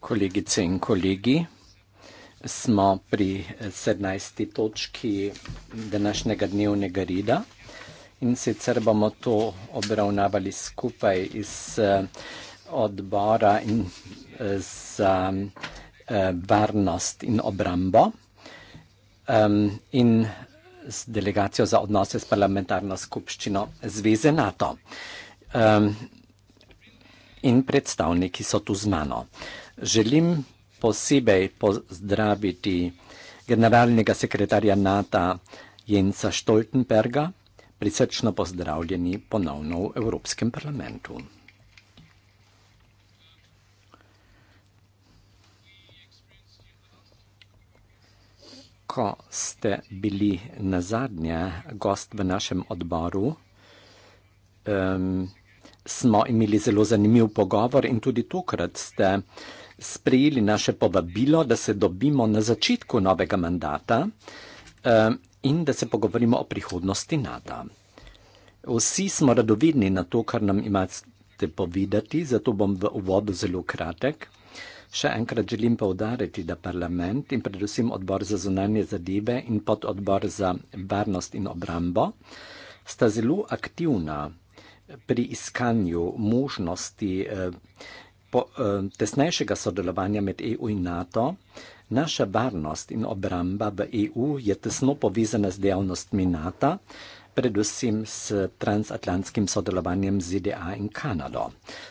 Kolegice in kolegi, smo pri 17. točki današnjega dnevnega reda in sicer bomo to obravnavali skupaj iz eh, odbora eh, za eh, varnost in obrambo um, in z delegacijo za odnose s parlamentarno skupščino Zveze NATO. Um, in predstavniki so tu z mano. Želim posebej pozdraviti generalnega sekretarja NATO Jensa Stoltenberga. Prisrčno pozdravljeni ponovno v Evropskem parlamentu. ko ste bili na zadnje gost v našem odboru, um, smo imeli zelo zanimiv pogovor in tudi tokrat ste sprejeli naše povabilo, da se dobimo na začetku novega mandata um, in da se pogovorimo o prihodnosti NATO. Vsi smo radovedni na to, kar nam imate povedati, zato bom v uvodu zelo kratek. Še enkrat želim povdariti, da parlament in predvsem odbor za zunanje zadeve in pododbor za varnost in obrambo sta zelo aktivna pri iskanju možnosti eh, eh, tesnejšega sodelovanja med EU in NATO. Naša varnost in obramba v EU je tesno povezana z dejavnostmi NATO, predvsem s transatlantskim sodelovanjem ZDA in Kanado.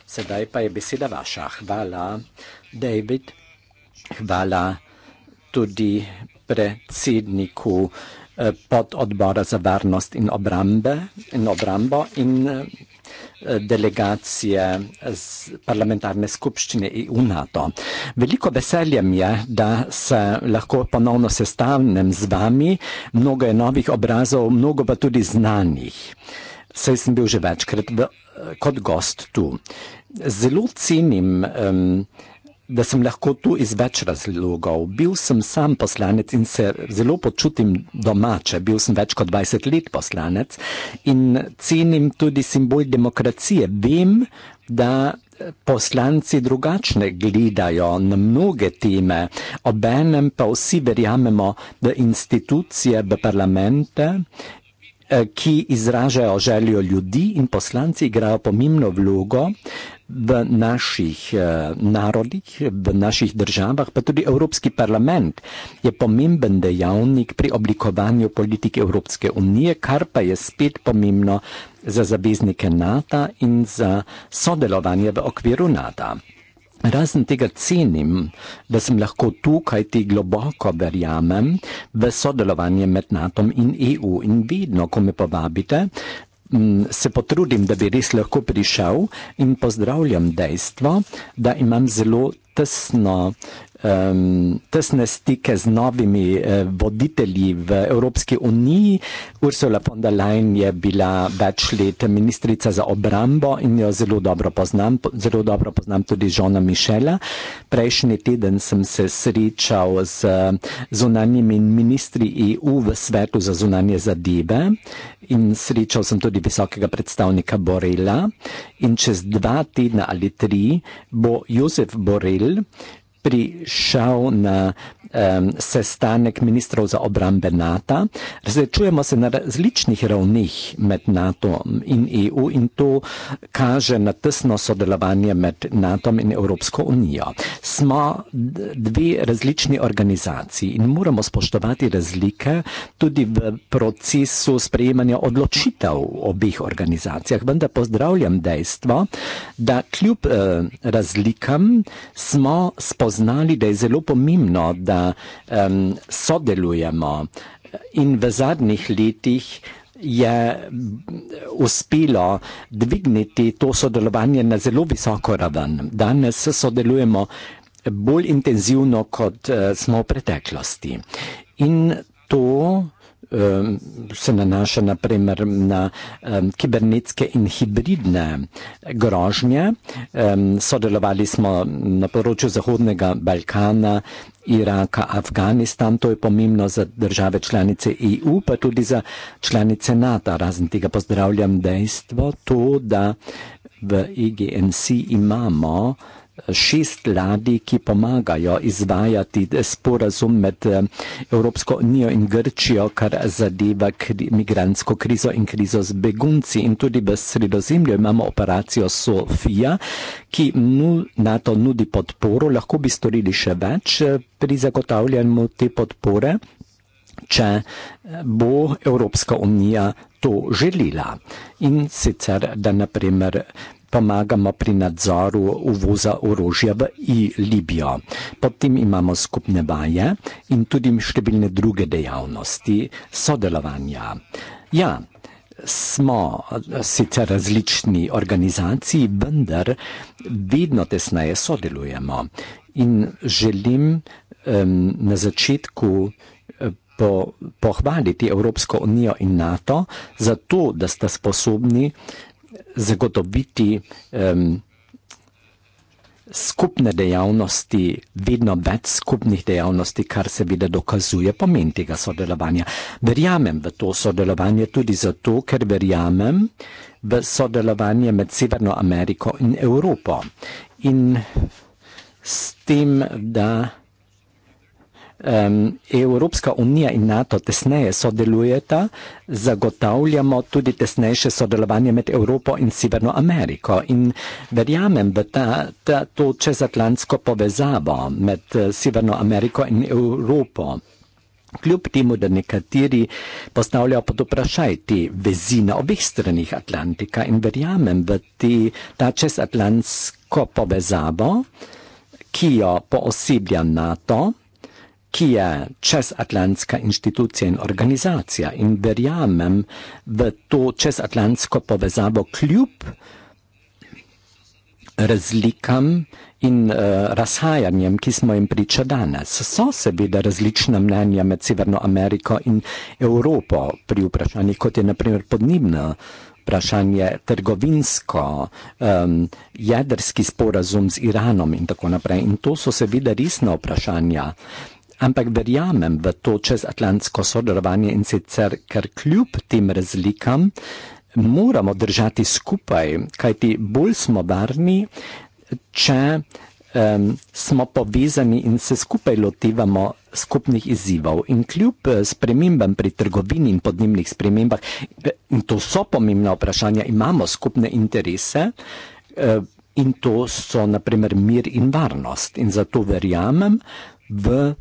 Sedaj pa je beseda vaša. Hvala, David. Hvala tudi predsedniku. Eh, pod odbora za varnost in, obrambe, in obrambo in eh, delegacije z parlamentarne skupščine EU NATO. Veliko veselje mi je, da se lahko ponovno sestavnem z vami. Mnogo je novih obrazov, mnogo pa tudi znanih. Saj sem bil že večkrat v, eh, kot gost tu. Zelo cenim um, da sem lahko tu iz več razlogov. Bil sem sam poslanec in se zelo počutim domače. Bil sem več kot 20 let poslanec in cenim tudi simbol demokracije. Vem, da eh, poslanci drugačne gledajo na mnoge teme, obenem pa vsi verjamemo v institucije, v parlamente Eh, ki izražajo željo ljudi in poslanci igrajo pomembno vlogo v naših eh, narodih, v naših državah, pa tudi Evropski parlament je pomemben dejavnik pri oblikovanju politike Evropske unije, kar pa je spet pomembno za zaveznike NATO in za sodelovanje v okviru NATO. Razen tega cenim, da sem lahko tu, kaj ti globoko verjamem v sodelovanje med NATO in EU in vedno, ko me povabite, se potrudim, da bi res lahko prišel in pozdravljam dejstvo, da imam zelo tesno um, tesne stike z novimi uh, voditelji v Evropski uniji. Ursula von der Leyen je bila več let ministrica za obrambo in jo zelo dobro poznam. Zelo dobro poznam tudi žona Mišela. Prejšnji teden sem se srečal z zunanjimi ministri EU v svetu za zunanje zadeve in srečal sem tudi visokega predstavnika Borela. In čez dva tedna ali tri bo Josef Borel prišel na um, sestanek ministrov za obrambe NATO. Razrečujemo se na različnih ravnih med NATO in EU in to kaže na tesno sodelovanje med NATO in Evropsko unijo. Smo dve različni organizaciji in moramo spoštovati razlike tudi v procesu sprejemanja odločitev obih organizacijah. Vendar pozdravljam dejstvo, da kljub uh, razlikam smo spoznali spoznali, da je zelo pomembno, da um, sodelujemo in v zadnjih letih je uspelo dvigniti to sodelovanje na zelo visoko raven. Danes sodelujemo bolj intenzivno, kot uh, smo v preteklosti. In to Um, se nanaša naprimer na um, kibernetske in hibridne grožnje. Um, sodelovali smo na področju Zahodnega Balkana, Iraka, Afganistan, to je pomembno za države članice EU, pa tudi za članice NATO. Razen tega pozdravljam dejstvo, to, da v IGNC e imamo šest ladij, ki pomagajo izvajati sporazum med eh, Evropsko unijo in Grčijo, kar zadeva kri, migransko krizo in krizo z begunci. In tudi v sredozemlju imamo operacijo Sofia, ki nu, NATO nudi podporo, lahko bi storili še več eh, pri zagotavljanju te podpore, če eh, bo Evropska unija to želila. In sicer, da naprimer pomagamo pri nadzoru uvoza orožja v I Libijo. Pod tem imamo skupne vaje in tudi številne druge dejavnosti sodelovanja. Ja, smo eh, sicer različni organizaciji, vendar vedno tesneje sodelujemo. In želim um, na začetku eh, po, pohvaliti Evropsko unijo in NATO za to, da sta sposobni zagotoviti um, skupne dejavnosti, vedno več skupnih dejavnosti, kar seveda dokazuje pomen tega sodelovanja. Verjamem v to sodelovanje tudi zato, ker verjamem v sodelovanje med Severno Ameriko in Evropo. In s tem, da um, Evropska unija in NATO tesneje sodelujeta, zagotavljamo tudi tesnejše sodelovanje med Evropo in Severno Ameriko. In verjamem v ta, ta, to čezatlantsko povezavo med eh, Severno Ameriko in Evropo. Kljub temu, da nekateri postavljajo pod vprašaj te vezi na obih stranih Atlantika in verjamem v te, ta čezatlantsko povezavo, ki jo pooseblja NATO, ki je čezatlantska institucija in organizacija in verjamem v to čezatlantsko povezavo kljub razlikam in uh, razhajanjem, ki smo jim priča danes. So seveda različna mnenja med Severno Ameriko in Evropo pri vprašanjih, kot je naprimer podnebno vprašanje, trgovinsko, um, jedrski sporazum z Iranom in tako naprej. In to so seveda resna vprašanja. Uh, ampak verjamem v to čezatlantsko sodelovanje in sicer, ker kljub tem razlikam moramo držati skupaj, kajti bolj smo varni, če um, smo povezani in se skupaj lotevamo skupnih izzivov. In kljub eh, spremembam pri trgovini in podnebnih spremembah, eh, in to so pomembna vprašanja, imamo skupne interese. Eh, in to so naprimer mir in varnost. In zato verjamem v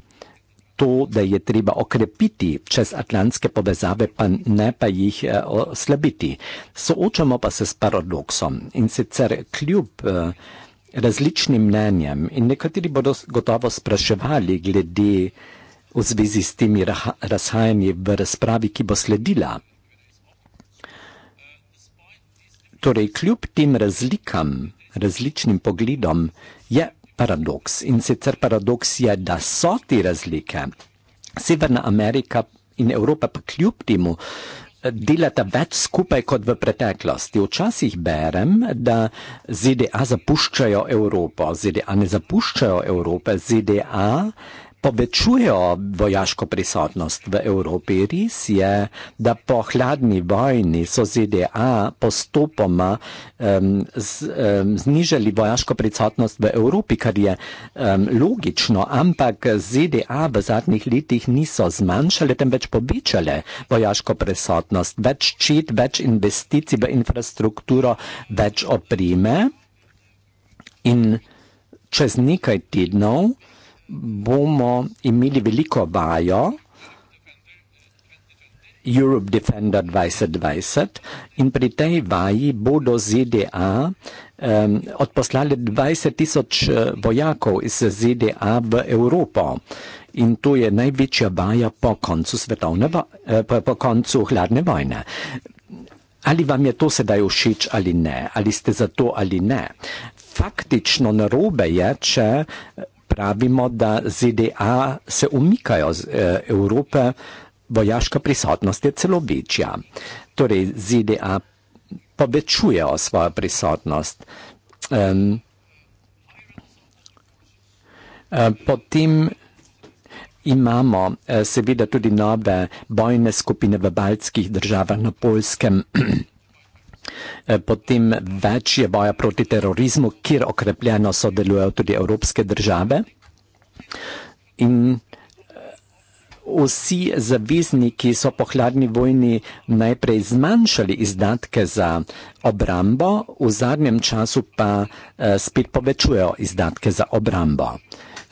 to, da je treba okrepiti čezatlantske povezave, pa ne pa jih eh, oslabiti. Soočamo pa se s paradoksom in sicer kljub eh, različnim mnenjem in nekateri bodo gotovo spraševali glede v zvezi s temi razhajanji v razpravi, ki bo sledila. Torej, kljub tem razlikam, različnim pogledom, je paradoks. In sicer paradoks je, da so te razlike. Severna Amerika in Evropa pa kljub temu eh, delata več skupaj kot v preteklosti. Včasih berem, da ZDA zapuščajo Evropo, ZDA ne zapuščajo Evrope, ZDA povečujejo vojaško prisotnost v Evropi. Res je, da po hladni vojni so ZDA postopoma um, z, um, znižali vojaško prisotnost v Evropi, kar je um, logično, ampak ZDA v zadnjih letih niso zmanjšale, temveč povečale vojaško prisotnost. Več čit, več investicij v infrastrukturo, več oprime. In čez nekaj tednov bomo imeli veliko vajo Europe Defender 2020 in pri tej vaji bodo ZDA um, odposlali 20 tisoč eh, vojakov iz ZDA v Evropo. In to je največja vaja po koncu, svetovne, eh, po, po koncu hladne vojne. Ali vam je to sedaj všeč ali ne, ali ste za to ali ne. Faktično narobe je, če pravimo, da ZDA se umikajo z eh, Evrope, vojaška prisotnost je celo večja. Torej, ZDA povečujejo svojo prisotnost. Um, Potem imamo eh, seveda tudi nove bojne skupine v baltskih državah na polskem. Eh, potem več je boja proti terorizmu, kjer okrepljeno sodelujejo tudi evropske države. In eh, vsi zavezniki so po hladni vojni najprej zmanjšali izdatke za obrambo, v zadnjem času pa eh, spet povečujejo izdatke za obrambo.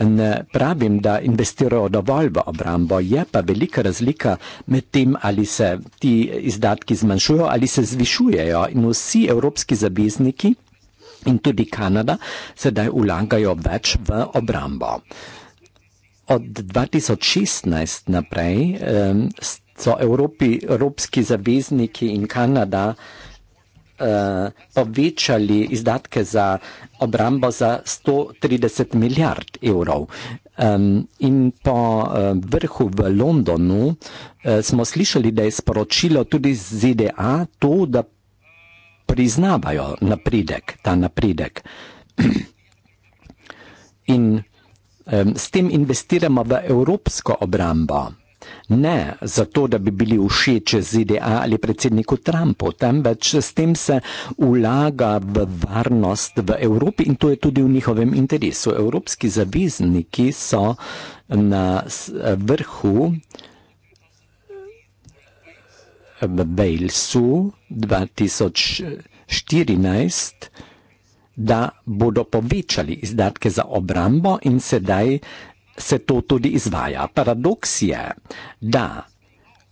Ne pravim, da investirajo dovolj v obrambo, je pa velika razlika med tem, ali se ti izdatki zmanjšujejo ali se zvišujejo. In vsi evropski zavezniki in tudi Kanada sedaj ulagajo več v obrambo. Od 2016 naprej eh, so Evropi, evropski zavezniki in Kanada Eh, povečali izdatke za obrambo za 130 milijard evrov. Um, in po uh, vrhu v Londonu uh, smo slišali, da je sporočilo tudi z ZDA to, da priznavajo napredek, ta napredek. in um, s tem investiramo v evropsko obrambo. Ne zato, da bi bili všeč ZDA ali predsedniku Trumpu, temveč s tem se vlaga v varnost v Evropi in to je tudi v njihovem interesu. Evropski zavezniki so na vrhu v Walesu 2014, da bodo povečali izdatke za obrambo in sedaj se to tudi izvaja. Paradoks je, da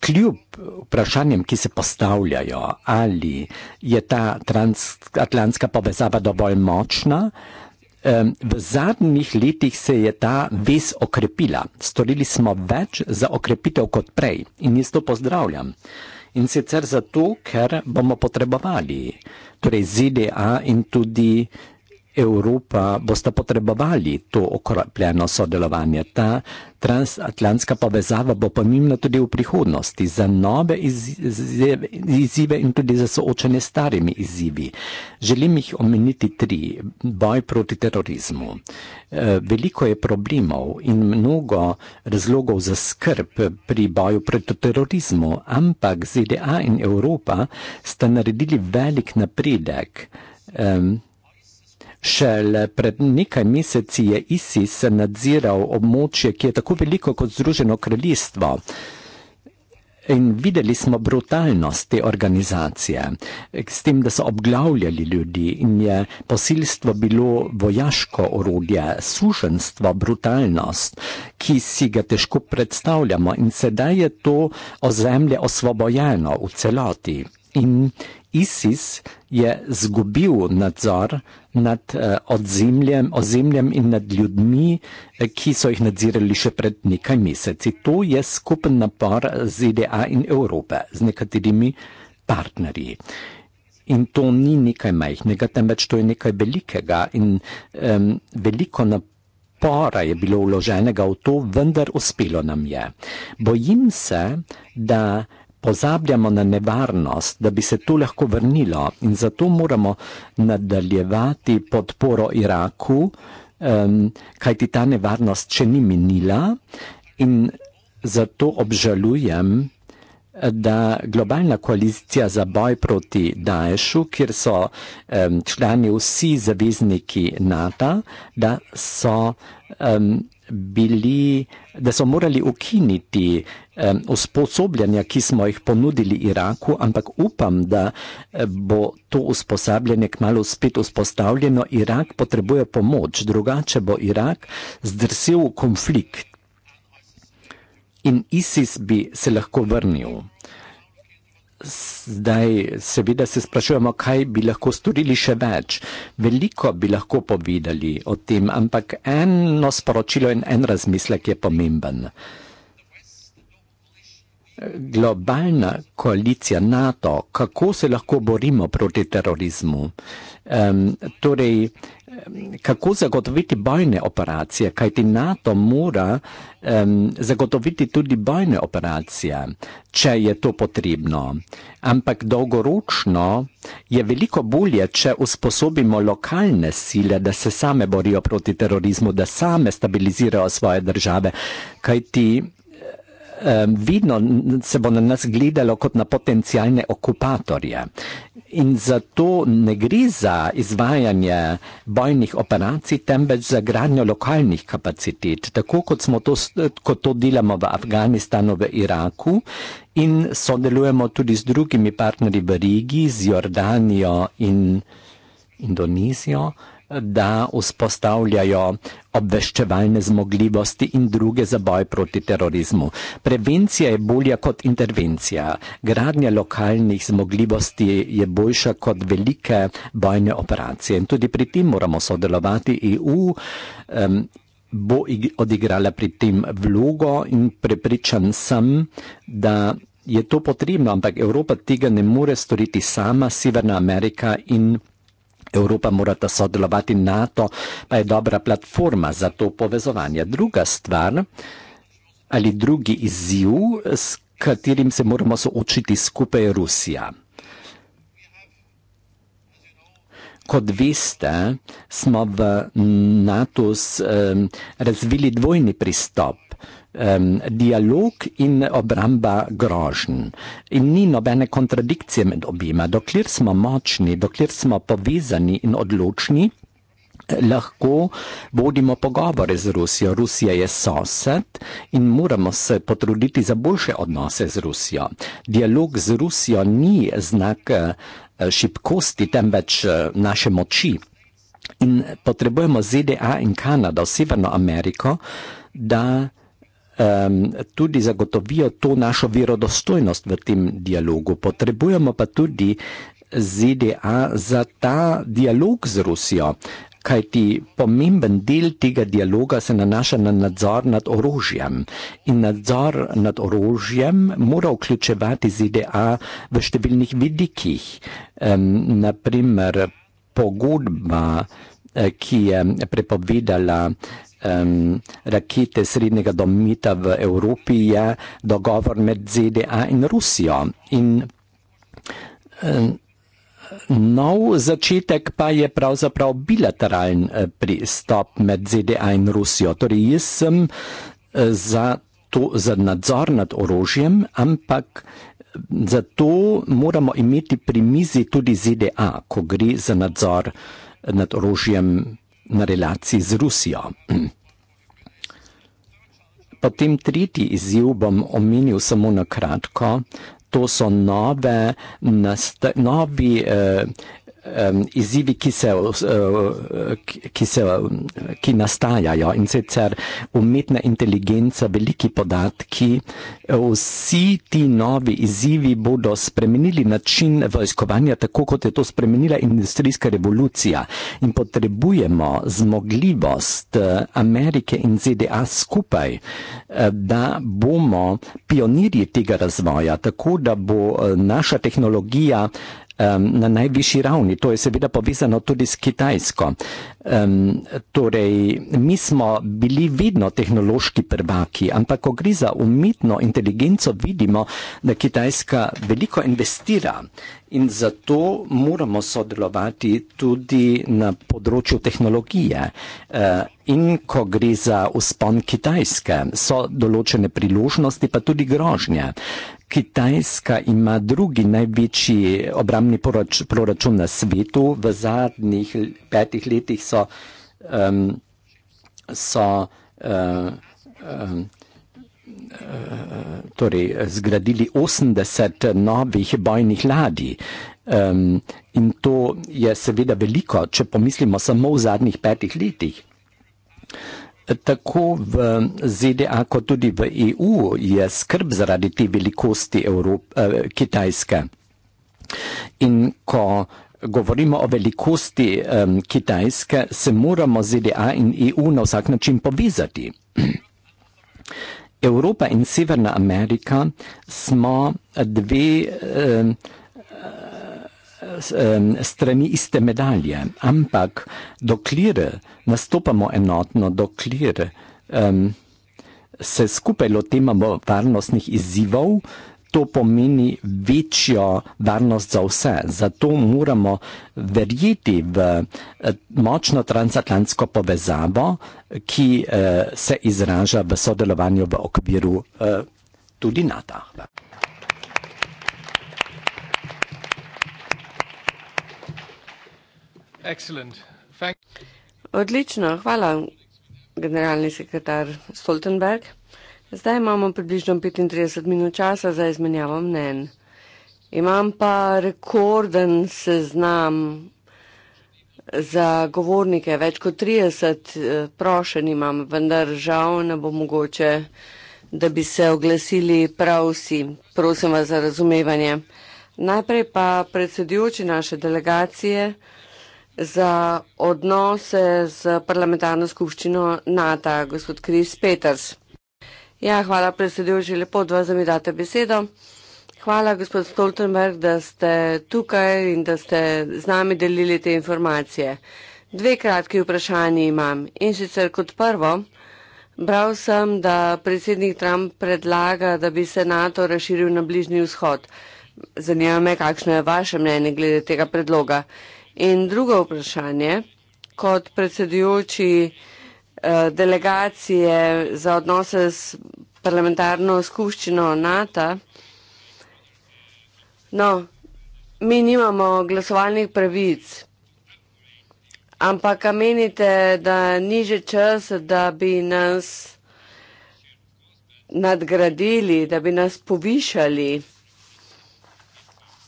kljub vprašanjem, ki se postavljajo, ali je ta transatlantska povezava dovolj močna, v zadnjih letih se je ta vez okrepila. Storili smo več za okrepitev kot prej in jaz to pozdravljam. In sicer zato, ker bomo potrebovali torej ZDA in tudi Evropa bosta potrebovali to okrepljeno sodelovanje. Ta transatlantska povezava bo pomembna tudi v prihodnosti za nove izzive in tudi za soočanje s starimi izzivi. Želim jih omeniti tri. Boj proti terorizmu. Eh, veliko je problemov in mnogo razlogov za skrb pri boju proti terorizmu, ampak ZDA in Evropa sta naredili velik napredek. Um, Šele pred nekaj meseci je ISIS nadziral območje, ki je tako veliko kot Združeno kraljestvo. In videli smo brutalnost te organizacije, s tem, da so obglavljali ljudi in je posilstvo bilo vojaško orodje, suženstvo, brutalnost, ki si ga težko predstavljamo in sedaj je to ozemlje osvobojeno v celoti. In ISIS je zgubil nadzor nad uh, eh, ozemljem, ozemljem in nad ljudmi, eh, ki so jih nadzirali še pred nekaj meseci. To je skupen napor ZDA in Evrope z nekaterimi partnerji. In to ni nekaj majhnega, temveč to je nekaj velikega in um, veliko napora je bilo vloženega v to, vendar uspelo nam je. Bojim se, da pozabljamo na nevarnost, da bi se to lahko vrnilo in zato moramo nadaljevati podporo Iraku, um, kajti ta nevarnost še ni minila in zato obžalujem, da globalna koalicija za boj proti Daešu, kjer so um, člani vsi zavezniki NATO, da so um, bili, da so morali ukiniti eh, usposabljanja, ki smo jih ponudili Iraku, ampak upam, da eh, bo to usposabljanje kmalo spet vzpostavljeno. Irak potrebuje pomoč, drugače bo Irak zdrsel v konflikt in ISIS bi se lahko vrnil. Eh, Zdaj, seveda, se sprašujemo, kaj bi lahko storili še več. Veliko bi lahko povedali o tem, ampak eno sporočilo in en razmislek je pomemben. Globalna koalicija NATO, kako se lahko borimo proti terorizmu? Um, torej, kako zagotoviti bojne operacije, kajti NATO mora um, zagotoviti tudi bojne operacije, če je to potrebno. Ampak dolgoročno je veliko bolje, če usposobimo lokalne sile, da se same borijo proti terorizmu, da same stabilizirajo svoje države, kajti um, vidno se bo na nas gledalo kot na potencijalne okupatorje. In zato ne gre za izvajanje bojnih operacij, temveč za gradnjo lokalnih kapacitet, tako kot, to, kot to delamo v Afganistanu, v Iraku in sodelujemo tudi z drugimi partnerji v Rigi, z Jordanijo in Indonezijo da vzpostavljajo obveščevalne zmogljivosti in druge za boj proti terorizmu. Prevencija je bolja kot intervencija. Gradnja lokalnih zmogljivosti je boljša kot velike bojne operacije. In tudi pri tem moramo sodelovati. EU um, bo odigrala pri tem vlogo in prepričan sem, da. Je to potrebno, ampak Evropa tega ne more storiti sama, Severna Amerika in Evropa mora ta sodelovati, NATO pa je dobra platforma za to povezovanje. Druga stvar ali drugi izziv, s katerim se moramo soočiti skupaj, je Rusija. Kot veste, smo v NATO eh, razvili dvojni pristop um, dialog in obramba grožen. In ni nobene kontradikcije med obima. Dokler smo močni, dokler smo povezani in odločni, lahko vodimo pogovore z Rusijo. Rusija je sosed in moramo se potruditi za boljše odnose z Rusijo. Dialog z Rusijo ni znak eh, šibkosti, temveč eh, naše moči. In potrebujemo ZDA in Kanado, Severno Ameriko, da um, tudi zagotovijo to našo verodostojnost v tem dialogu. Potrebujemo pa tudi ZDA za ta dialog z Rusijo, kajti pomemben del tega dialoga se nanaša na nadzor nad orožjem. In nadzor nad orožjem mora vključevati ZDA v številnih vidikih, um, ehm, naprimer pogodba, eh, ki je prepovedala um, rakete srednjega domita v Evropi je dogovor med ZDA in Rusijo. In, um, Nov začetek pa je pravzaprav bilateralen eh, pristop med ZDA in Rusijo. Torej, jaz sem eh, za, to, za nadzor nad orožjem, ampak eh, zato moramo imeti pri mizi tudi ZDA, ko gre za nadzor nad orožjem na relaciji z Rusijo. Potem tretji izziv bom omenil samo na kratko. To so nove, nast, novi eh, um, izzivi, ki, se, uh, ki, se, ki nastajajo in sicer umetna inteligenca, veliki podatki, vsi ti novi izzivi bodo spremenili način vojskovanja, tako kot je to spremenila industrijska revolucija. In potrebujemo zmogljivost eh, Amerike in ZDA skupaj, eh, da bomo pionirji tega razvoja, tako da bo naša tehnologija um, na najvišji ravni. To je seveda povezano tudi s Kitajsko. Um, torej, mi smo bili vedno tehnološki prvaki, ampak ko gre za umetno inteligenco, vidimo, da Kitajska veliko investira in zato moramo sodelovati tudi na področju tehnologije. Uh, in ko gre za uspon Kitajske, so določene priložnosti, pa tudi grožnje. Kitajska ima drugi največji obramni proč, proračun na svetu. V zadnjih petih letih so, um, so um, torej zgradili 80 novih bojnih ladij. Um, in to je seveda veliko, če pomislimo samo v zadnjih petih letih. Tako v ZDA kot tudi v EU je skrb zaradi te velikosti Evrop, eh, Kitajske. In ko govorimo o velikosti eh, Kitajske, se moramo ZDA in EU na vsak način povezati. Evropa in Severna Amerika smo dve. Eh, strani iste medalje, ampak dokler nastopamo enotno, dokler um, se skupaj lotevamo varnostnih izzivov, to pomeni večjo varnost za vse. Zato moramo verjeti v eh, močno transatlantsko povezavo, ki uh, se izraža v sodelovanju v okviru uh, tudi NATO. Odlično, hvala, generalni sekretar Stoltenberg. Zdaj imamo približno 35 minut časa za izmenjavo mnen. Imam pa rekorden seznam za govornike, več kot 30 eh, prošen imam, vendar žal ne bo mogoče, da bi se oglasili prav vsi. Prosim vas za razumevanje. Najprej pa predsedujoči naše delegacije za odnose z parlamentarno skupščino NATO, gospod Kris Peters. Ja, hvala predsedujoči, lepo od vas, da mi date besedo. Hvala, gospod Stoltenberg, da ste tukaj in da ste z nami delili te informacije. Dve kratki vprašanji imam. In sicer kot prvo, bral sem, da predsednik Trump predlaga, da bi se NATO razširil na Bližnji vzhod. Zanima me, kakšno je vaše mnenje glede tega predloga. In drugo vprašanje, kot predsedujoči eh, delegacije za odnose s parlamentarno skupščino NATO. No, mi nimamo glasovalnih pravic, ampak menite, da ni že čas, da bi nas nadgradili, da bi nas povišali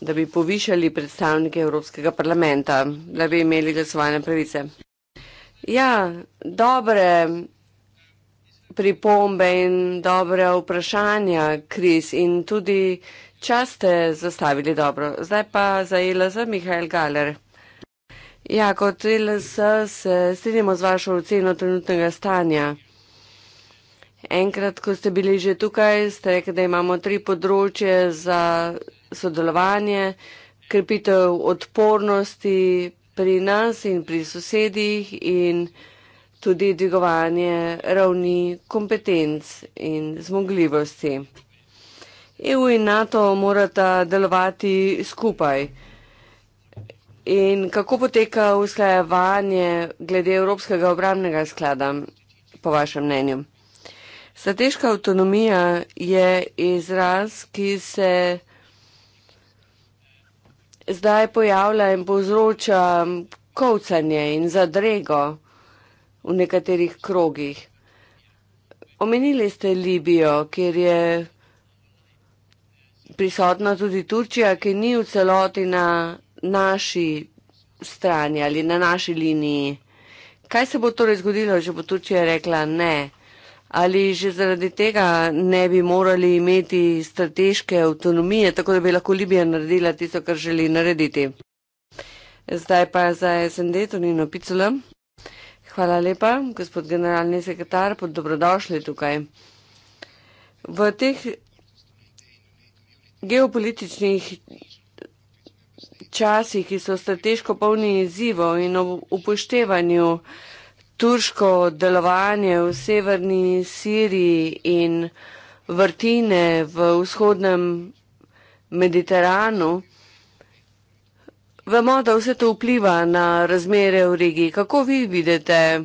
da bi povišali predstavnike Evropskega parlamenta, da bi imeli glasovanje pravice. Ja, dobre pripombe in dobre vprašanja, Kris, in tudi čas ste zastavili dobro. Zdaj pa za ILS, Mihajl Galer. Ja, kot ILS se strinjamo z vašo oceno trenutnega stanja. Enkrat, ko ste bili že tukaj, ste rekli, da imamo tri področje za sodelovanje, krepitev odpornosti pri nas in pri sosedih in tudi dvigovanje ravni kompetenc in zmogljivosti. EU in NATO morata delovati skupaj. In kako poteka usklajevanje glede Evropskega obramnega sklada, po vašem mnenju? Strateška avtonomija je izraz, ki se zdaj pojavlja in povzroča kovcanje in zadrego v nekaterih krogih. Omenili ste Libijo, kjer je prisotna tudi Turčija, ki ni v celoti na naši strani ali na naši liniji. Kaj se bo torej zgodilo, če bo Turčija rekla ne? ali že zaradi tega ne bi morali imeti strateške avtonomije, tako da bi lahko Libija naredila tisto, kar želi narediti. Zdaj pa za SND Tonino Picula. Hvala lepa, gospod generalni sekretar, pod dobrodošli tukaj. V teh geopolitičnih časih, ki so strateško polni izzivov in upoštevanju, turško delovanje v severni Siriji in vrtine v vzhodnem Mediteranu. Vemo, da vse to vpliva na razmere v regiji. Kako vi vidite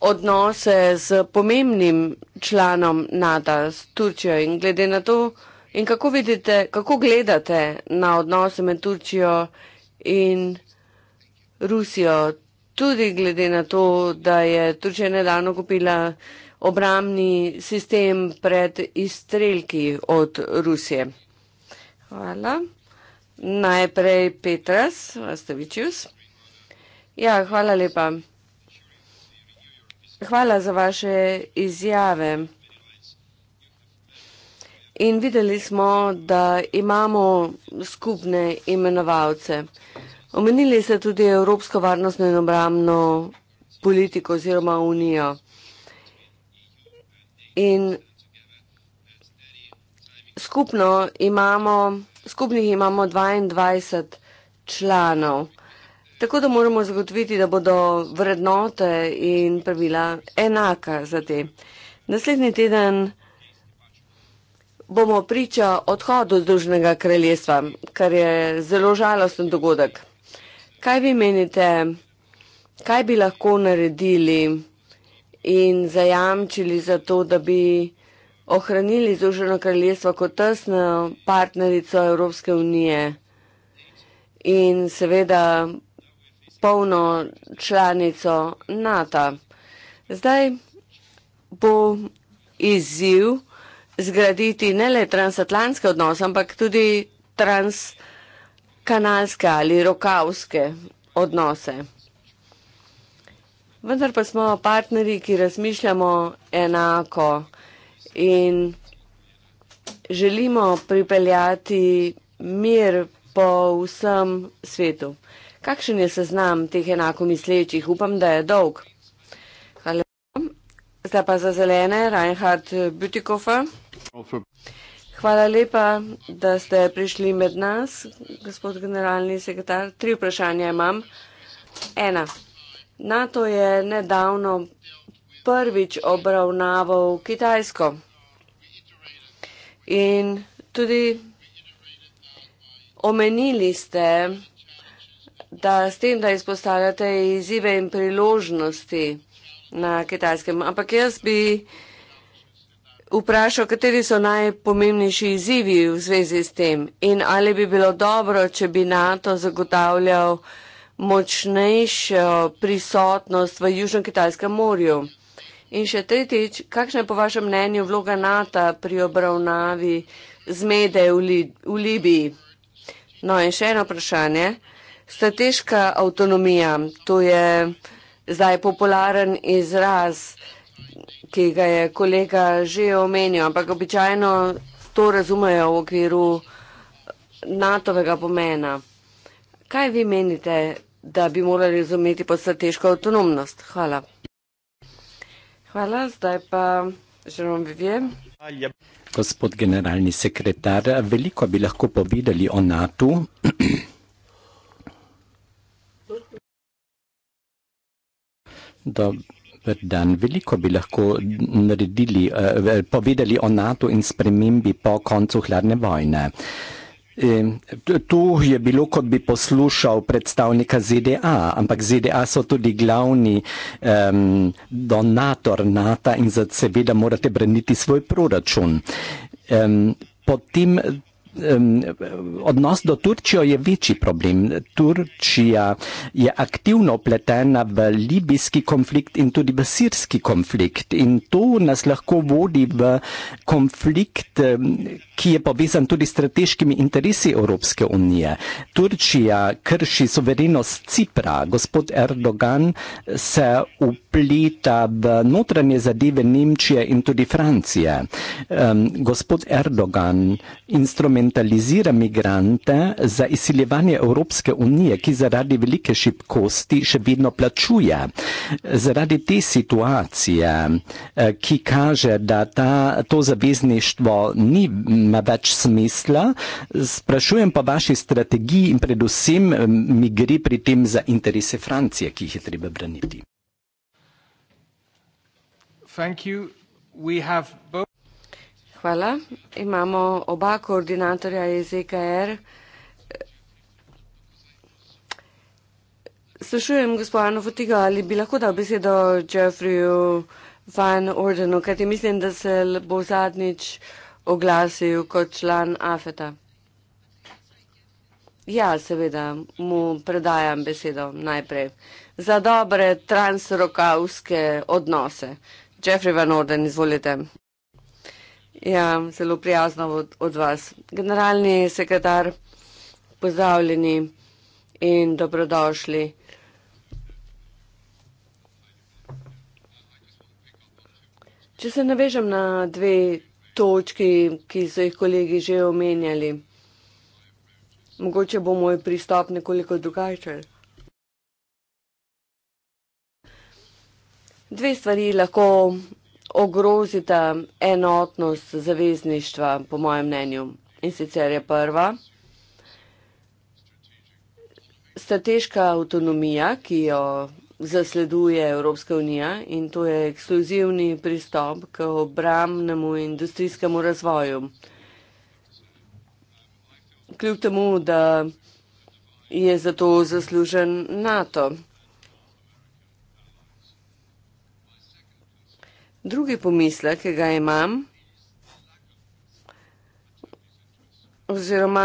odnose z pomembnim članom NATO, s Turčijo in glede na to, in kako, vidite, kako gledate na odnose med Turčijo in Rusijo, tudi glede na to, da je Turčija nedavno kupila obramni sistem pred izstrelki od Rusije. Hvala. Najprej Petras, Vastavičius. Ja, hvala lepa. Hvala za vaše izjave. In videli smo, da imamo skupne imenovalce. Omenili ste tudi Evropsko varnostno in obramno politiko oziroma unijo. In skupno imamo, skupnih imamo 22 članov, tako da moramo zagotoviti, da bodo vrednote in pravila enaka za te. Naslednji teden bomo priča odhodu Združenega kraljestva, kar je zelo žalosten dogodek kaj vi menite, kaj bi lahko naredili in zajamčili za to, da bi ohranili Združeno kraljestvo kot tesno partnerico Evropske unije in seveda polno članico NATO. Zdaj bo izziv zgraditi ne le transatlantske odnose, ampak tudi transatlantske kanalske ali rokavske odnose. Vendar pa smo partnerji, ki razmišljamo enako in želimo pripeljati mir po vsem svetu. Kakšen je seznam teh enako mislečih? Upam, da je dolg. Hvala. Zdaj pa za zelene, Reinhard Butikofer. Hvala lepa, da ste prišli med nas, gospod generalni sekretar. Tri vprašanja imam. Ena. NATO je nedavno prvič obravnaval Kitajsko in tudi omenili ste, da s tem, da izpostavljate izive in priložnosti na Kitajskem, ampak jaz bi vprašal, vprašal, kateri so najpomembnejši izzivi v zvezi s tem in ali bi bilo dobro, če bi NATO zagotavljal močnejšo prisotnost v Južnem Kitajskem morju. In še tretjič, kakšna je po vašem mnenju vloga NATO pri obravnavi zmede v, Li v Libiji? No in še eno vprašanje. Strateška avtonomija, to je zdaj popularen izraz ki ga je kolega že omenil, ampak običajno to razumejo v okviru NATO-vega pomena. Kaj vi menite, da bi morali razumeti pod strateško avtonomnost? Hvala. Hvala, zdaj pa želim vivjem. Gospod generalni sekretar, veliko bi lahko povedali o NATO. Dobro. Dober dan. Veliko bi lahko naredili, eh, eh povedali o NATO in spremembi po koncu hladne vojne. Tu je bilo, kot bi poslušal predstavnika ZDA, ampak ZDA so tudi glavni um, donator NATO in seveda morate braniti svoj proračun. Um, potem odnos do Turčijo je večji problem. Turčija je aktivno pletena v libijski konflikt in tudi v sirski konflikt. In to nas lahko vodi v konflikt, ki je povezan tudi s strateškimi interesi Evropske unije. Turčija krši soverenost Cipra. Gospod Erdogan se upleta v notranje zadeve Nemčije in tudi Francije. Gospod Erdogan instrumentalizira instrumentalizira migrante za izsiljevanje Evropske unije, ki zaradi velike šibkosti še vedno plačuje. Zaradi te situacije, eh, ki kaže, da ta, to zavezništvo nima več smisla, sprašujem po vaši strategiji in predvsem eh, mi gre pri tem za interese Francije, ki jih je treba braniti. Thank you. We have both. Hvala. Imamo oba koordinatorja iz EKR. Slišujem gospod Ano Fotiga, ali bi lahko dal besedo Jeffreyju Van Ordenu, kajti mislim, da se bo zadnjič oglasil kot član AFETA. Ja, seveda, mu predajam besedo najprej. Za dobre transrokavske odnose. Jeffrey Van Orden, izvolite. Ja, zelo prijazno od, od vas. Generalni sekretar, pozdravljeni in dobrodošli. Če se navežem na dve točki, ki so jih kolegi že omenjali, mogoče bo moj pristop nekoliko drugačen. Dve stvari lahko ogrozita enotnost zavezništva, po mojem mnenju. In sicer je prva strateška avtonomija, ki jo zasleduje Evropska unija in to je ekskluzivni pristop k obramnemu industrijskemu razvoju. Kljub temu, da je za to zaslužen NATO. Drugi pomislek, ki ga imam, oziroma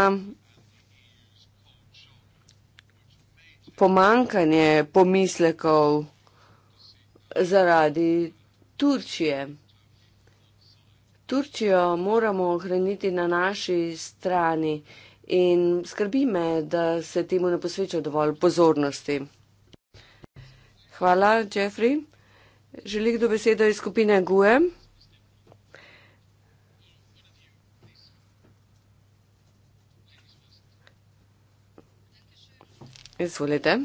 pomankanje pomislekov zaradi Turčije. Turčijo moramo ohraniti na naši strani in skrbi me, da se temu ne posveča dovolj pozornosti. Hvala, Jeffrey. Želi kdo besedo iz skupine GUE? Izvolite.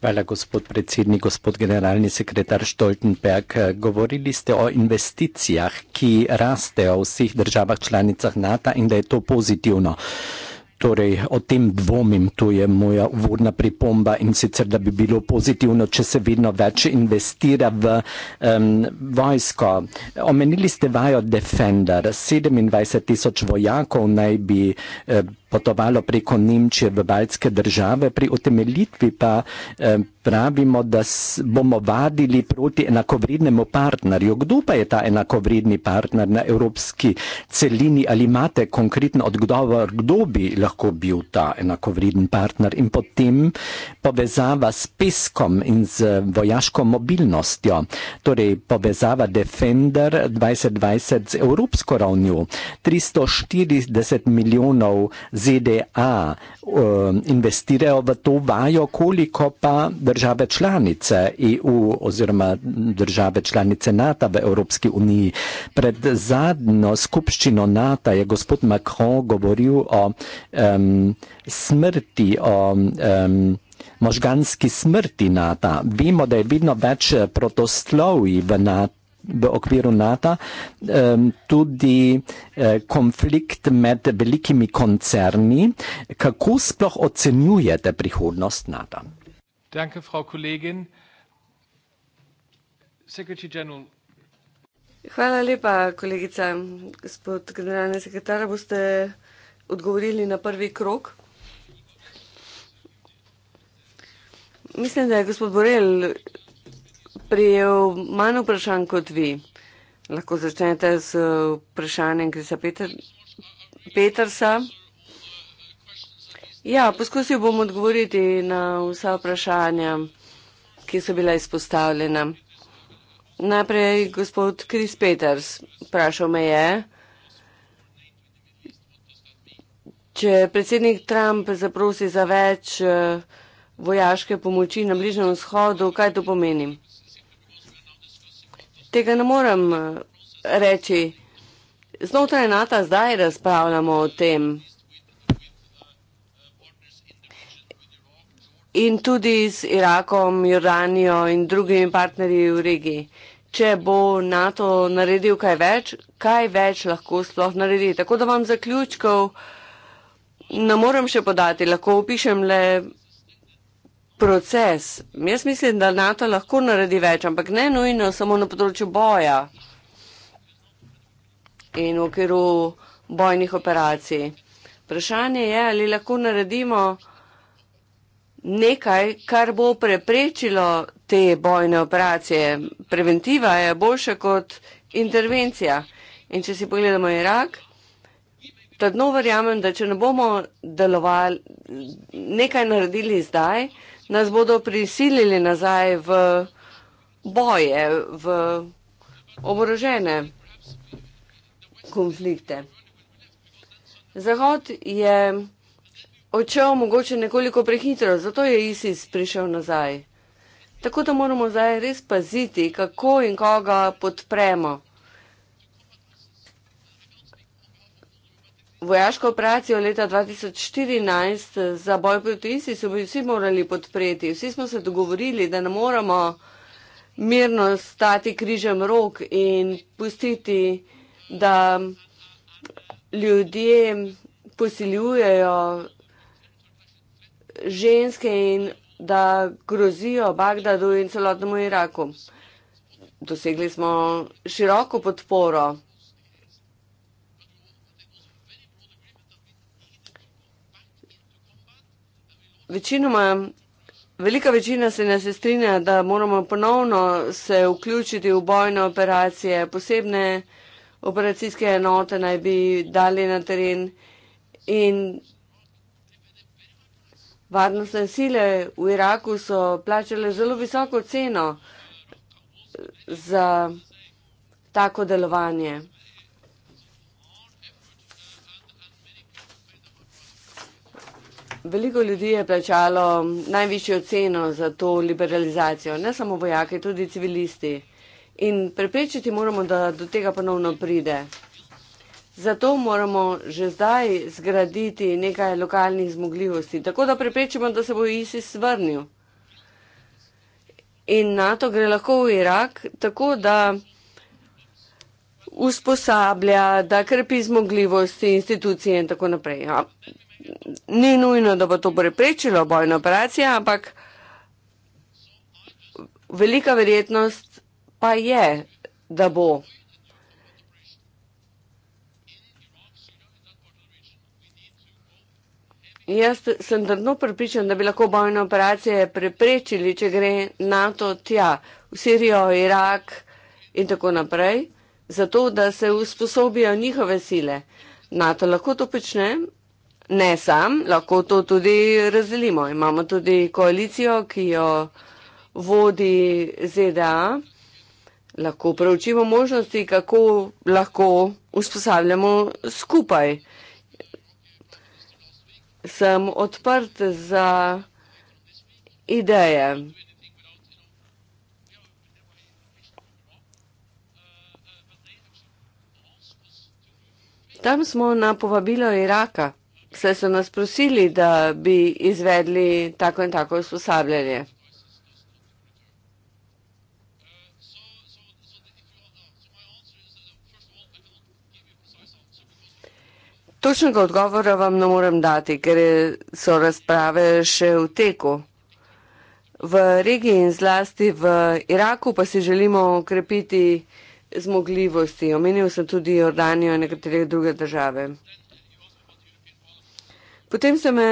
Hvala, gospod predsednik, gospod generalni sekretar Stoltenberg. Govorili ste o investicijah, ki rastejo v vseh državah članicah NATO in da je to pozitivno. Torej, o tem dvomim, to je moja uvodna pripomba in sicer, da bi bilo pozitivno, če se vedno več investira v um, vojsko. Omenili ste vajo Defender, 27 tisoč vojakov naj bi. Uh, potovalo preko Nemčije v baljske države, pri utemeljitvi pa eh, pravimo, da bomo vadili proti enakovrednemu partnerju. Kdo pa je ta enakovredni partner na evropski celini ali imate konkretno odgovor, kdo bi lahko bil ta enakovreden partner in potem povezava s peskom in z vojaško mobilnostjo, torej povezava Defender 2020 z evropsko ravnjo, 340 milijonov ZDA um, investirajo v to vajo, koliko pa države članice EU oziroma države članice NATO v Evropski uniji. Pred zadnjo skupščino NATO je gospod Macron govoril o um, smrti, o um, možganski smrti NATO. Vemo, da je vedno več protoslovij v NATO v okviru NATO, tudi eh, konflikt med velikimi koncerni. Kako sploh ocenjujete prihodnost NATO? Danke, frau Kollegin. Secretary General. Hvala lepa, kolegica. Gospod generalni sekretar, boste odgovorili na prvi krok? Mislim, da je gospod Borel prijel manj vprašanj kot vi. Lahko začnete z vprašanjem Krisa Peter, Petersa. Ja, poskusil bom odgovoriti na vsa vprašanja, ki so bila izpostavljena. Najprej gospod Kris Peters vprašal me je, če predsednik Trump zaprosi za več eh, vojaške pomoči na Bližnjem vzhodu, kaj to pomeni? tega ne morem eh, reči. Znotraj NATO zdaj razpravljamo o tem. In tudi z Irakom, Jordanijo in drugimi partnerji v regiji. Če bo NATO naredil kaj več, kaj več lahko sploh naredi. Tako da vam zaključkov ne morem še podati, lahko opišem le proces. Jaz mislim, da NATO lahko naredi več, ampak ne nujno samo na področju boja in v okviru bojnih operacij. Vprašanje je, ali lahko naredimo nekaj, kar bo preprečilo te bojne operacije. Preventiva je boljša kot intervencija. In če si pogledamo Irak, trdno verjamem, da če ne bomo delovali, nekaj naredili zdaj, nas bodo prisilili nazaj v boje, v oborožene konflikte. Zahod je odšel mogoče nekoliko prehitro, zato je ISIS prišel nazaj. Tako da moramo zdaj res paziti, kako in koga podpremo. vojaško operacijo leta 2014 za boj proti ISIS-u bi vsi morali podpreti. Vsi smo se dogovorili, da ne moremo mirno stati križem rok in pustiti, da ljudje posiljujejo ženske in da grozijo Bagdadu in celotnemu Iraku. Dosegli smo široko podporo. večinoma, velika večina se ne se strinja, da moramo ponovno se vključiti v bojne operacije, posebne operacijske enote naj bi dali na teren in varnostne sile v Iraku so plačale zelo visoko ceno za tako delovanje. Veliko ljudi je plačalo najvišjo ceno za to liberalizacijo, ne samo vojake, tudi civilisti. In preprečiti moramo, da do tega ponovno pride. Zato moramo že zdaj zgraditi nekaj lokalnih zmogljivosti, tako da preprečimo, da se bo ISIS vrnil. In NATO gre lahko v Irak, tako da usposablja, da krpi zmogljivosti, institucije in tako naprej. Ja ni nujno, da bo to preprečilo bojno operacijo, ampak velika verjetnost pa je, da bo. Jaz sem trdno pripričan, da bi lahko bojne operacije preprečili, če gre NATO tja, v Sirijo, Irak in tako naprej, zato da se usposobijo njihove sile. NATO lahko to počne, ne sam, lahko to tudi razdelimo. Imamo tudi koalicijo, ki jo vodi ZDA. Lahko preučimo možnosti, kako lahko usposabljamo skupaj. Sem odprt za ideje. Tam smo na povabilo Iraka saj so nas prosili, da bi izvedli tako in tako usposabljanje. Točnega odgovora vam ne morem dati, ker so razprave še v teku. V regiji in zlasti v Iraku pa si želimo okrepiti zmogljivosti. Omenil sem tudi Jordanijo in nekatere druge države. Potem ste me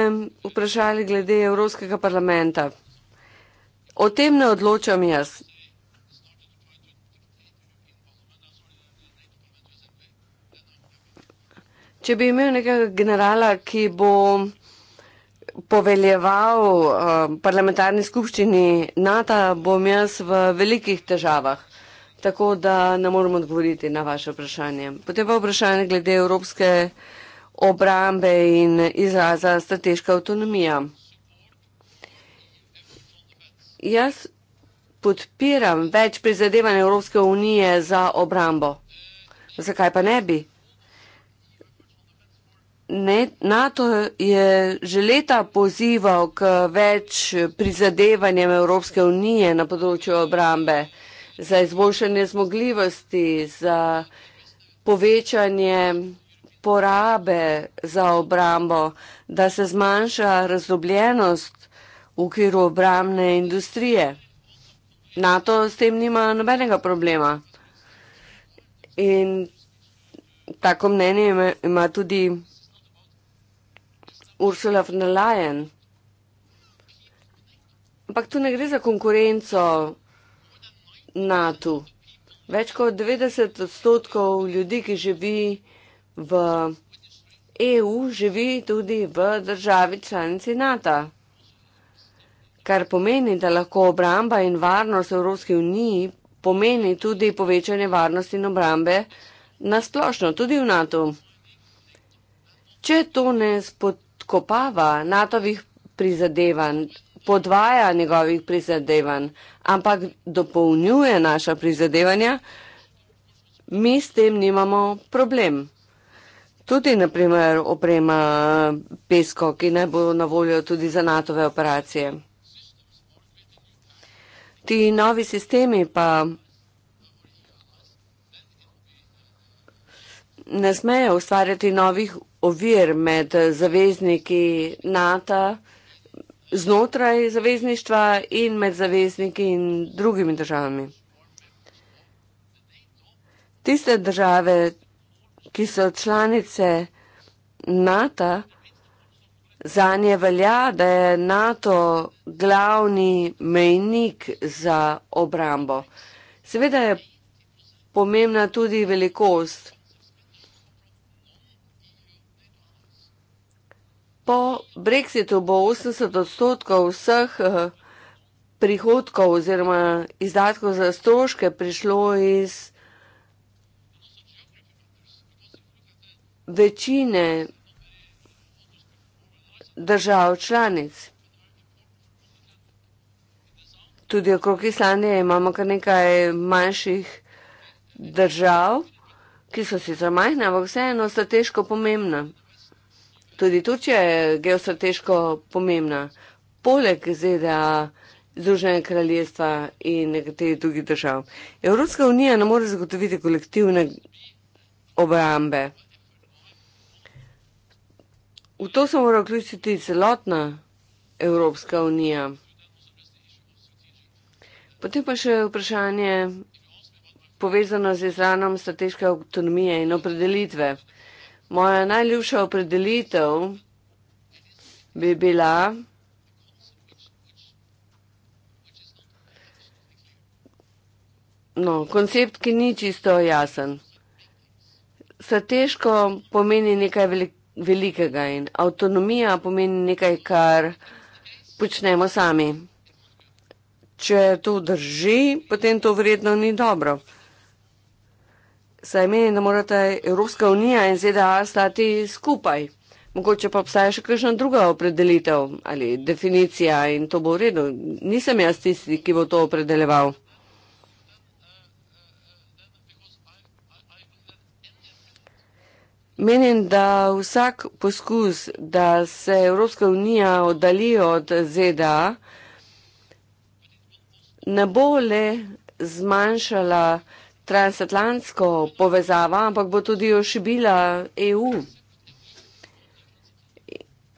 vprašali glede Evropskega parlamenta. O tem ne odločam jaz. Če bi imel nekega generala, ki bo poveljeval eh, parlamentarni skupščini NATO, bom jaz v velikih težavah. Tako da ne moram odgovoriti na vaše vprašanje. Potem pa vprašanje glede Evropske parlamenta obrambe in izraza strateška avtonomija. Jaz podpiram več prizadevanja Evropske unije za obrambo. Zakaj pa ne bi? Ne, NATO je že leta pozival k več prizadevanjem Evropske unije na področju obrambe za izboljšanje zmogljivosti, za povečanje porabe za obrambo, da se zmanjša razdobljenost v okviru obrambne industrije. NATO s tem nima nobenega problema. In tako mnenje ima tudi Ursula von der Leyen. Ampak tu ne gre za konkurenco NATO. Več kot 90 odstotkov ljudi, ki živi v EU živi tudi v državi članici NATO, kar pomeni, da lahko obramba in varnost Evropske unije pomeni tudi povečanje varnosti in obrambe nasplošno, tudi v NATO. Če to ne spodkopava NATO-vih prizadevanj, podvaja njegovih prizadevanj, ampak dopolnjuje naša prizadevanja, mi s tem nimamo problem tudi naprimer oprema pesko, ki naj bo na voljo tudi za NATO-ve operacije. Ti novi sistemi pa ne smejo ustvarjati novih ovir med zavezniki NATO znotraj zavezništva in med zavezniki in drugimi državami. Tiste države ki so članice NATO, za nje velja, da je NATO glavni mejnik za obrambo. Seveda je pomembna tudi velikost. Po Brexitu bo 80 odstotkov vseh eh, prihodkov oziroma izdatkov za stroške prišlo iz večine držav članic. Tudi okrog Islandije imamo kar nekaj manjših držav, ki so sicer majhne, ampak vseeno strateško pomembna. Tudi Turčija je geostrateško pomembna. Poleg ZDA, Združenega kraljestva in nekaterih drugih držav. Evropska unija ne more zagotoviti kolektivne obrambe. V to se mora vključiti celotna Evropska unija. Potem pa še vprašanje povezano z izranom strateške autonomije in opredelitve. Moja najljubša opredelitev bi bila, no, koncept, ki ni čisto jasen. Strateško pomeni nekaj velikega velikega in avtonomija pomeni nekaj, kar počnemo sami. Če to drži, potem to vredno ni dobro. Saj meni, da morata Evropska unija in ZDA stati skupaj. Mogoče pa obstaja še kakšna druga opredelitev ali definicija in to bo v redu. Nisem jaz tisti, ki bo to opredeljeval. Menim, da vsak poskus, da se Evropska unija oddalji od ZDA, ne bo le zmanjšala transatlantsko povezavo, ampak bo tudi ošibila EU.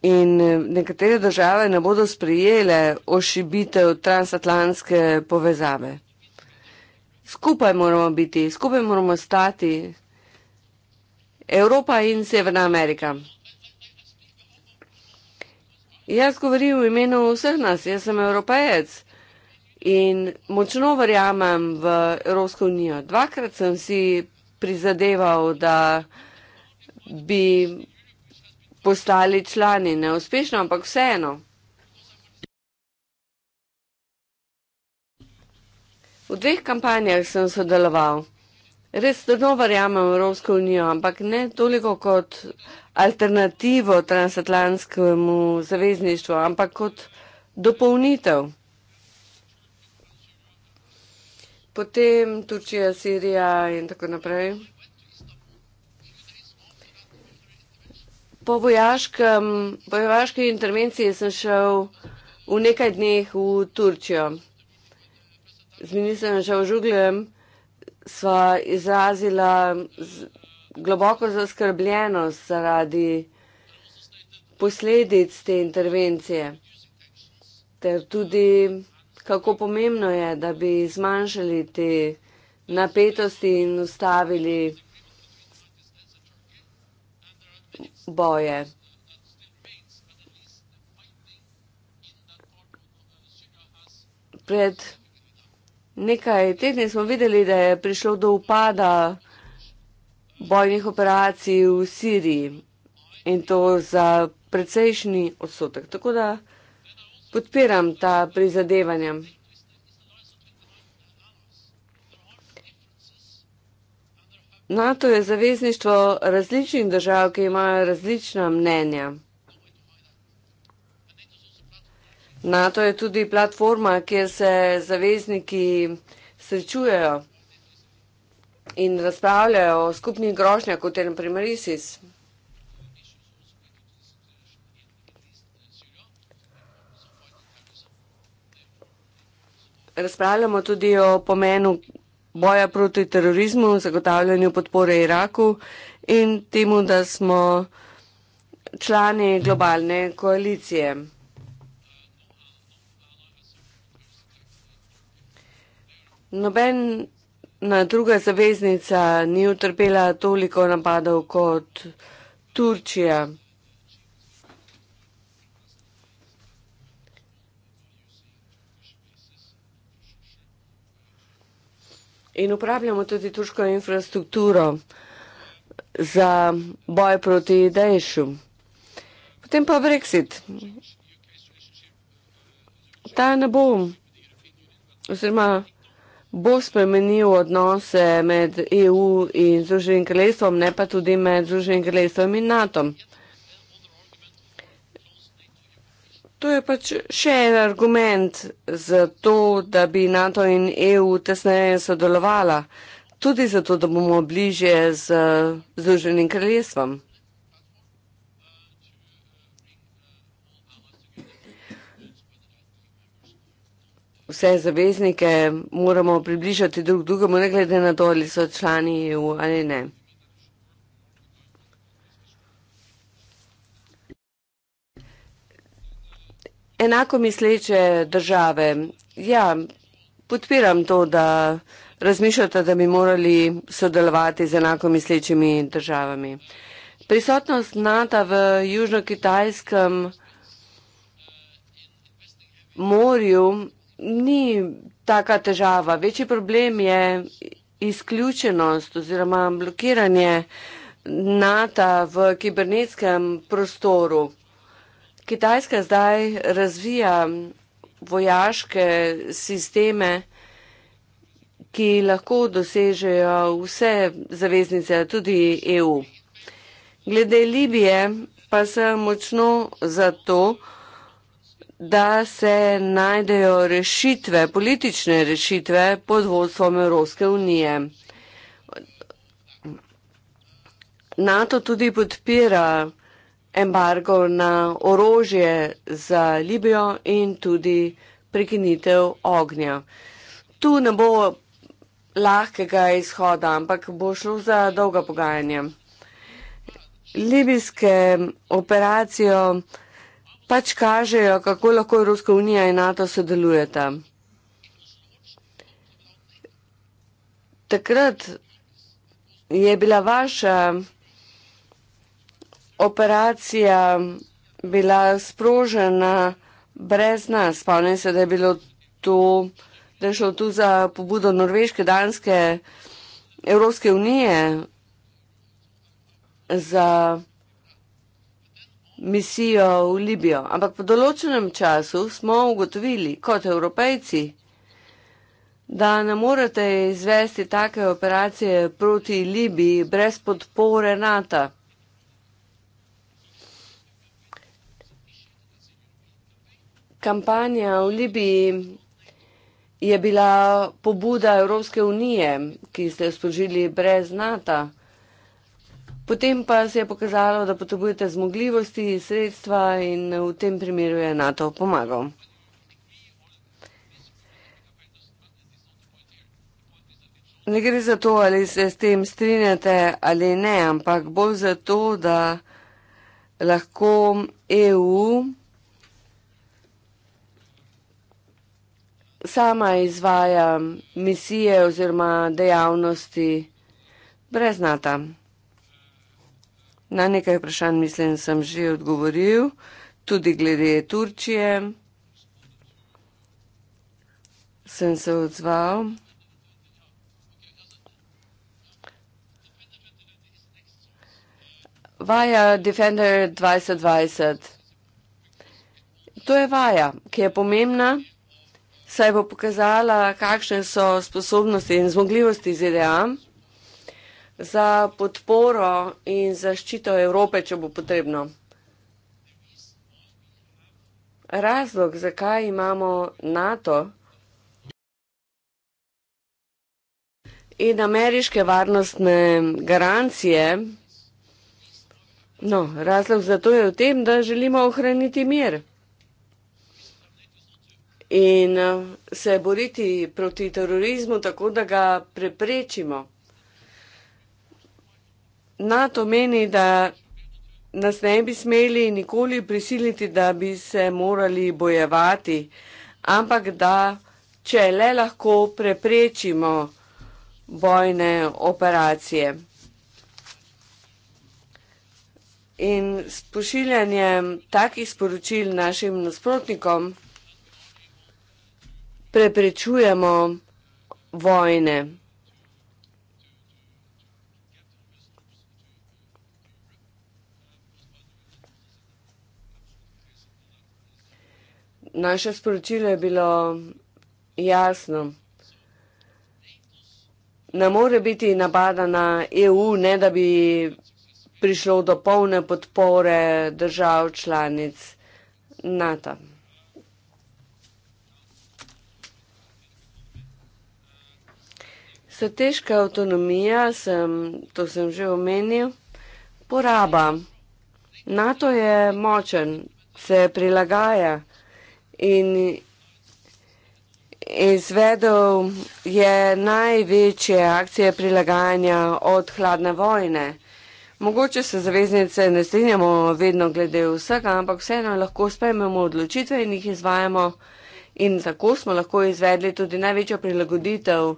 In nekatere države ne bodo sprijele ošibitev transatlantske povezave. Skupaj moramo biti, skupaj moramo stati. Evropa in Severna Amerika. Jaz govorim v imenu vseh nas, jaz sem evropejec in močno verjamem v Evropsko unijo. Dvakrat sem si prizadeval, da bi postali člani neuspešno, ampak vseeno. V dveh kampanjah sem sodeloval. Res trdno verjamem v Evropsko unijo, ampak ne toliko kot alternativo transatlantskemu zavezništvu, ampak kot dopolnitev. Potem Turčija, Sirija in tako naprej. Po, vojaškem, po vojaški intervenciji sem šel v nekaj dneh v Turčijo. Z ministrom Žal Žugljem sva izrazila globoko zaskrbljenost zaradi posledic te intervencije ter tudi kako pomembno je, da bi zmanjšali te napetosti in ustavili boje. Pred nekaj tedni smo videli, da je prišlo do upada bojnih operacij v Siriji in to za precejšnji odsotek. Tako da podpiram ta prizadevanja. NATO je zavezništvo različnih držav, ki imajo različna mnenja. NATO je tudi platforma, kjer se zavezniki srečujejo in razpravljajo o skupnih grožnjah, kot je na primer ISIS. Razpravljamo tudi o pomenu boja proti terorizmu, zagotavljanju podpore Iraku in temu, da smo člani globalne koalicije. Noben na druga zaveznica ni utrpela toliko napadov kot Turčija. In upravljamo tudi turško infrastrukturo za boj proti dejšu. Potem pa Brexit. Ta ne bo, oziroma, bo spremenil odnose med EU in Združenim kraljestvom, ne pa tudi med Združenim kraljestvom in NATO. To je pač še en argument za to, da bi NATO in EU tesneje sodelovala, tudi zato, da bomo bliže z Združenim kraljestvom. vse zaveznike moramo približati drug drugemu, ne glede na to, ali so člani EU ali ne. Enako misleče države. Ja, podpiram to, da razmišljate, da bi morali sodelovati z enako mislečimi državami. Prisotnost NATO v južno-kitajskem morju ni taka težava. Večji problem je izključenost oziroma blokiranje NATO v kibernetskem prostoru. Kitajska zdaj razvija vojaške sisteme, ki lahko dosežejo vse zaveznice, tudi EU. Glede Libije pa sem močno za to, da se najdejo rešitve, politične rešitve pod vodstvom Evropske unije. NATO tudi podpira embargo na orožje za Libijo in tudi prekinitev ognja. Tu ne bo lahkega izhoda, ampak bo šlo za dolga pogajanja. Libijske operacijo pač kažejo, kako lahko Evropska unija in NATO sodelujeta. Takrat je bila vaša operacija bila sprožena brez nas. Spomnim se, da je bilo to, da je šlo tu za pobudo Norveške, Danske, Evropske unije za misijo v Libijo. Ampak po določenem času smo ugotovili kot evropejci, da ne morete izvesti take operacije proti Libiji brez podpore NATO. Kampanja v Libiji je bila pobuda Evropske unije, ki ste jo sprožili brez NATO. Potem pa se je pokazalo, da potrebujete zmogljivosti in sredstva in v tem primeru je NATO pomagal. Ne gre za to, ali se s tem strinjate ali ne, ampak bolj za to, da lahko EU sama izvaja misije oziroma dejavnosti brez NATO. Na nekaj vprašanj mislim, sem že odgovoril, tudi glede Turčije. Sem se odzval. Vaja Defender 2020. To je vaja, ki je pomembna, saj bo pokazala, kakšne so sposobnosti in zmogljivosti ZDA za podporo in zaščito Evrope, če bo potrebno. Razlog, zakaj imamo NATO in ameriške varnostne garancije, no, razlog za to je v tem, da želimo ohraniti mir in eh, se boriti proti terorizmu, tako da ga preprečimo. NATO meni, da nas ne bi smeli nikoli prisiliti, da bi se morali bojevati, ampak da če le lahko preprečimo bojne operacije. In s pošiljanjem takih sporočil našim nasprotnikom preprečujemo vojne. naše sporočilo je bilo jasno. Ne more biti napada na EU, ne da bi prišlo do polne podpore držav članic NATO. Strateška avtonomija, sem, to sem že omenil, poraba. NATO je močen, se prilagaja in izvedel je največje akcije prilagajanja od hladne vojne. Mogoče se zaveznice ne strinjamo vedno glede vsega, ampak vseeno lahko sprememo odločitve in jih izvajamo. In tako smo lahko izvedli tudi največjo prilagoditev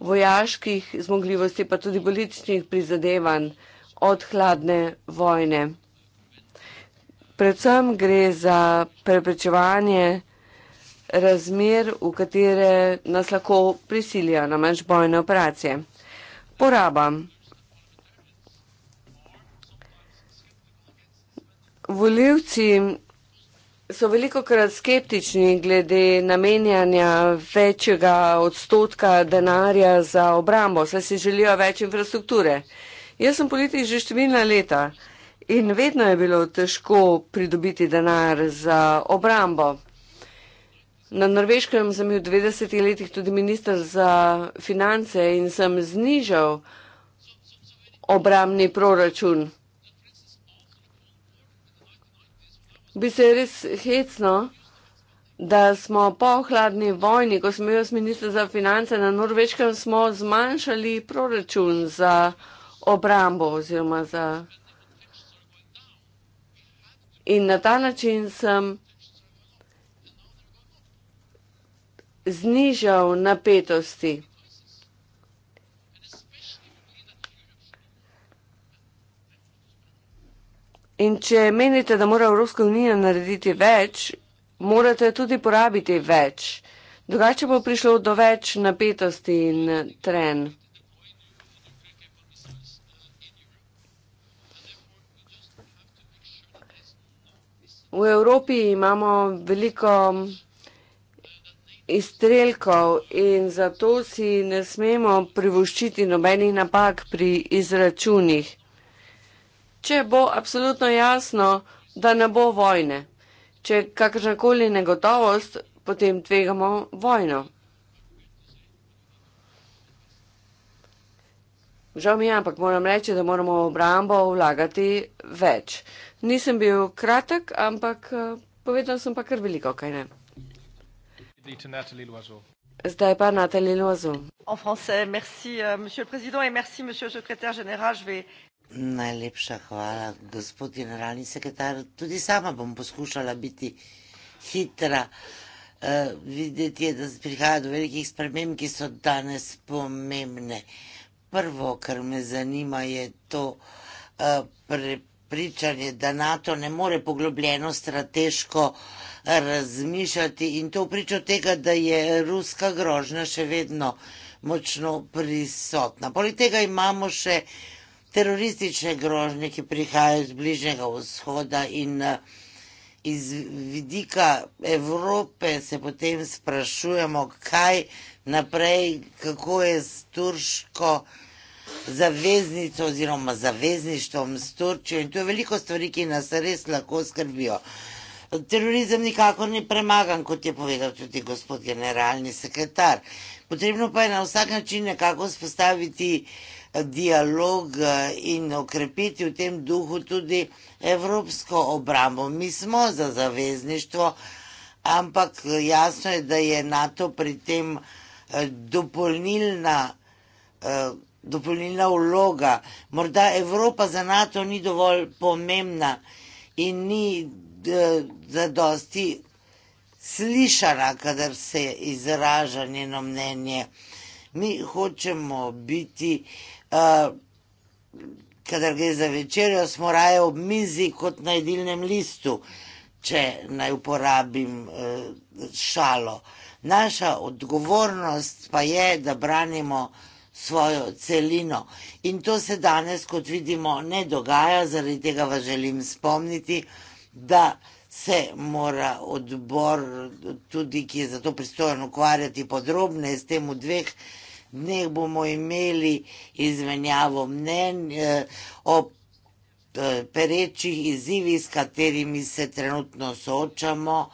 vojaških zmogljivosti, pa tudi političnih prizadevanj od hladne vojne. Predvsem gre za preprečevanje razmer, v katere nas lahko prisilijo na manjš bojne operacije. Poraba. Voljivci so veliko krat skeptični glede namenjanja večjega odstotka denarja za obrambo, saj si želijo več infrastrukture. Jaz sem politik že številna leta in vedno je bilo težko pridobiti denar za obrambo. Na norveškem sem bil v 90. letih tudi minister za finance in sem znižal obramni proračun. Bi se res hecno, da smo po hladni vojni, ko sem bil s ministr za finance na norveškem, smo zmanjšali proračun za obrambo oziroma za finance. In na ta način sem znižal napetosti. In če menite, da mora Evropska unija narediti več, morate tudi porabiti več. Drugače bo prišlo do več napetosti in trenj. V Evropi imamo veliko izstrelkov in zato si ne smemo privoščiti nobenih napak pri izračunih. Če bo absolutno jasno, da ne bo vojne, če kakršnakoli negotovost, potem tvegamo vojno. Žal mi je, ampak moram reči, da moramo v obrambo vlagati več. Nisem bil kratek, ampak eh, povedal sem pa kar veliko, kaj ne. Zdaj pa Natalie Loazo. Euh, Najlepša hvala, gospod generalni sekretar. Tudi sama bom poskušala biti hitra. Uh, videti je, da prihaja do velikih sprememb, ki so danes pomembne. Prvo, kar me zanima, je to uh, eh, prepričanje prepričanje, da NATO ne more poglobljeno strateško razmišljati in to pričo tega, da je ruska grožnja še vedno močno prisotna. Poleg tega imamo še teroristične grožnje, ki prihajajo iz bližnjega vzhoda in eh, iz vidika Evrope se potem sprašujemo, kaj naprej, kako je s turško zaveznico oziroma zavezništvom s Turčijo in tu je veliko stvari, ki nas res lahko skrbijo. Terorizem nikakor ni premagan, kot je povedal tudi gospod generalni sekretar. Potrebno pa je na vsak način nekako spostaviti eh, dialog eh, in okrepiti v tem duhu tudi evropsko obrambo. Mi smo za zavezništvo, ampak eh, jasno je, da je NATO pri tem dopolnilna dopolnilna vloga. Morda Evropa za NATO ni dovolj pomembna in ni eh, zadosti slišana, kadar se izraža njeno mnenje. Mi hočemo biti, uh, kadar gre za večerjo, smo raje ob mizi kot na jedilnem listu, če naj uporabim uh, šalo. Naša odgovornost pa je, da branimo svojo celino. In to se danes, kot vidimo, ne dogaja, zaradi tega vas želim spomniti, da se mora odbor, tudi ki je za to pristojen, ukvarjati podrobne s tem v dveh dneh bomo imeli izmenjavo mnen eh, o eh, perečih izzivi, s katerimi se trenutno soočamo.